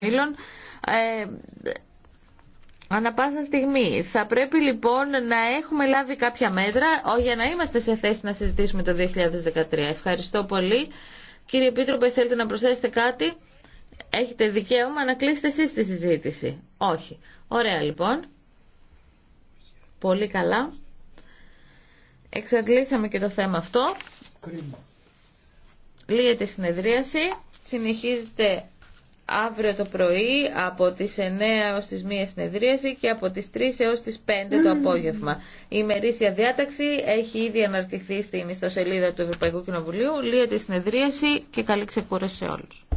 Ήλων, ε, Ανά πάσα στιγμή. Θα πρέπει λοιπόν να έχουμε λάβει κάποια μέτρα για να είμαστε σε θέση να συζητήσουμε το 2013. Ευχαριστώ πολύ. Κύριε Επίτροπε, θέλετε να προσθέσετε κάτι. Έχετε δικαίωμα να κλείσετε εσείς τη συζήτηση. Όχι. Ωραία λοιπόν. Πολύ καλά. Εξαντλήσαμε και το θέμα αυτό. Λύεται η συνεδρίαση. Συνεχίζεται αύριο το πρωί από τις 9 έως τις 1 συνεδρίαση και από τις 3 έως τις 5 το απόγευμα. Η ημερήσια διάταξη έχει ήδη αναρτηθεί στην ιστοσελίδα του Ευρωπαϊκού Κοινοβουλίου. Λύεται η συνεδρίαση και καλή ξεκούραση σε όλους.